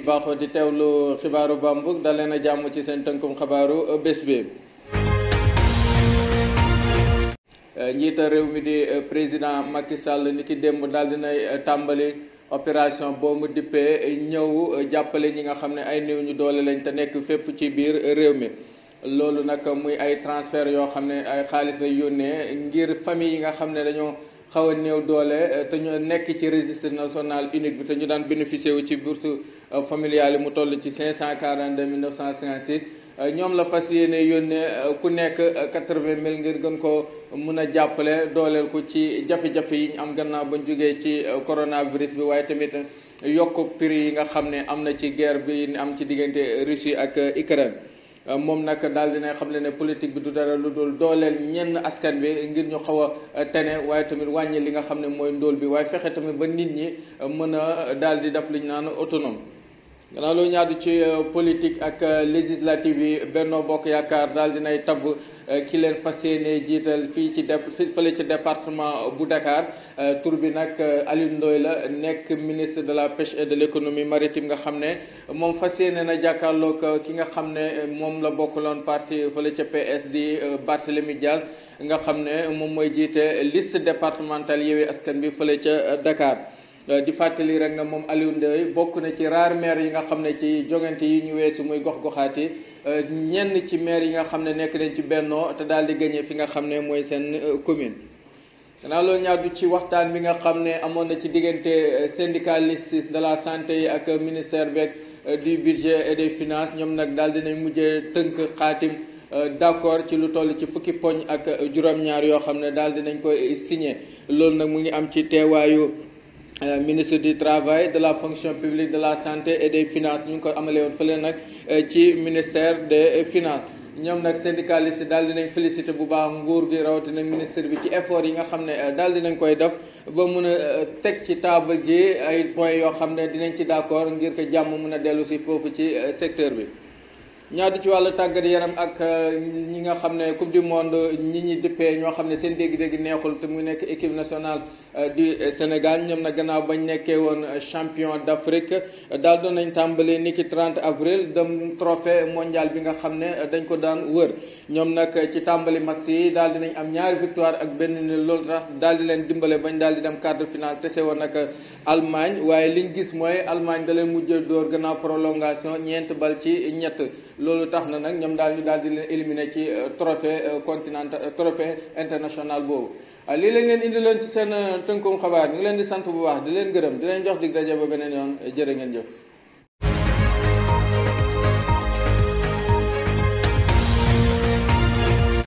di baaxoo di teewlu xibaaru bambuk dalee na jàmm ci seen tënkum xabaaru bés bi. réew mi di président Macky Sall ni ki démb daal dinay tàmbali opération boo mu dippee ñëw jàppale ñi nga xam ne ay néew ñu doole lañ te nekk fépp ci biir réew mi loolu nag muy ay transfert yoo xam ne ay xaalis lay yónnee ngir famille yi nga xam ne dañoo. xaw a néew doole euh, te ñu nekk ci registre national unique bi te ñu daan bénéficier wu ci bourse euh, familiale yi mu toll ci cinq cent quarante deux mille neuf cent cinquante six euh, ñoom la fas yéene yónnee ku nekk quatre vingt mille ngir gën ko mun a jàppale dooleel ko ci jafe-jafe yi ñu am gannaaw ba ñu jógee ci coronavirus bi waaye tamit yokk prix yi nga xam ne am na ci guerre bi am ci diggante Russie ak Ukraine. Euh, moom nag daal dina xam le ne politique bi du dara lu dul dooleel ñenn askan bi ngir ñu xaw a euh, tene waaye tamit wàññi li nga xam ne mooy ndóol bi waaye fexe tamit ba nit ñi euh, mën a daal di def li ñu naan autonome gannaaw loolu ñaadu ci euh, politique ak euh, législative yi Benno Bokk Yaakaar daal dinay tabb euh, ki leen fas yéene jiital fii ci dep fële ci département bu Dakar tur bi nag Alioune Ndoye la nekk ministre de la pêche et de l' économie maritime nga xam ne moom fas yéene na jàkkaarloog ki nga xam ne moom la bokkaloon parti fële ca PS di Barthélémy Dias nga xam ne moom mooy jiite liste départementale Yewwi Askan bi fële ca Dakar. Euh, di fàttali rek na moom Aliou bokk na ci raar maire yi nga xam ne ci jogante yi ñu weesu muy gox goxaati euh, ñenn ci maire yi nga xam ne nekk nañ ci bennoo te daal di gagné fi nga xam ne mooy seen euh, commune. gannaaw loolu ñaar du ci waxtaan bi nga xam ne amoon na ci diggante syndicaliste de la santé yi ak ministère beeg du budget et des finances ñoom nag daal nañ mujjee tënk xaatim. d'accord ci lu toll ci fukki poñ ak juróom-ñaar yoo xam ne daal nañ koy signé loolu nag mu ngi am ci teewaayu. Euh, ministre du travail de la fonction publique de la santé et des finances ñu ngi ko amalee woon fële nag euh, ci ministère des finance ñoom nag syndicaliste daal dinañ félicité bu baax nguur gi rawatina ministre bi ci effort yi nga xam ne euh, daal dinañ koy def ba mun a teg ci table ji ay points yoo xam ne dinañ ci d'accord ngir ko jàmm mun a dellu si foofu ci secteur bi. ñaar ci wàllu tàggat yaram ak euh, ñi nga xam ne coupe du monde ñi ñi dëppee ñoo xam ne seen dégg-dégg neexul te mu nekk équipe nationale euh, du Sénégal ñoom na gannaaw bañ nekkee woon champion d' Afrique daal doon nañ tàmbali niki 30 avril dem trophée mondial bi nga xam ne dañ ko daan wër ñoom nag ci tàmbali match yi daal di nañ am ñaari victoire ak benn ni loolu tax daal di leen dimbale bañ daal di dem quart de finale tese woon nag Allemagne waaye liñ gis mooy Allemagne da leen mujjee dóor gannaaw prolongation ñeent bal ci ñett. loolu tax na nag ñoom daal ñu daal di leen éliminé ci euh, trophée euh, continental euh, trophée international boobu lii lañ leen indi leen ci seen tënkum xabaar ñu ngi leen di sant bu baax di leen gërëm di leen jox dig daje ba beneen yoon jërë ngeen jëf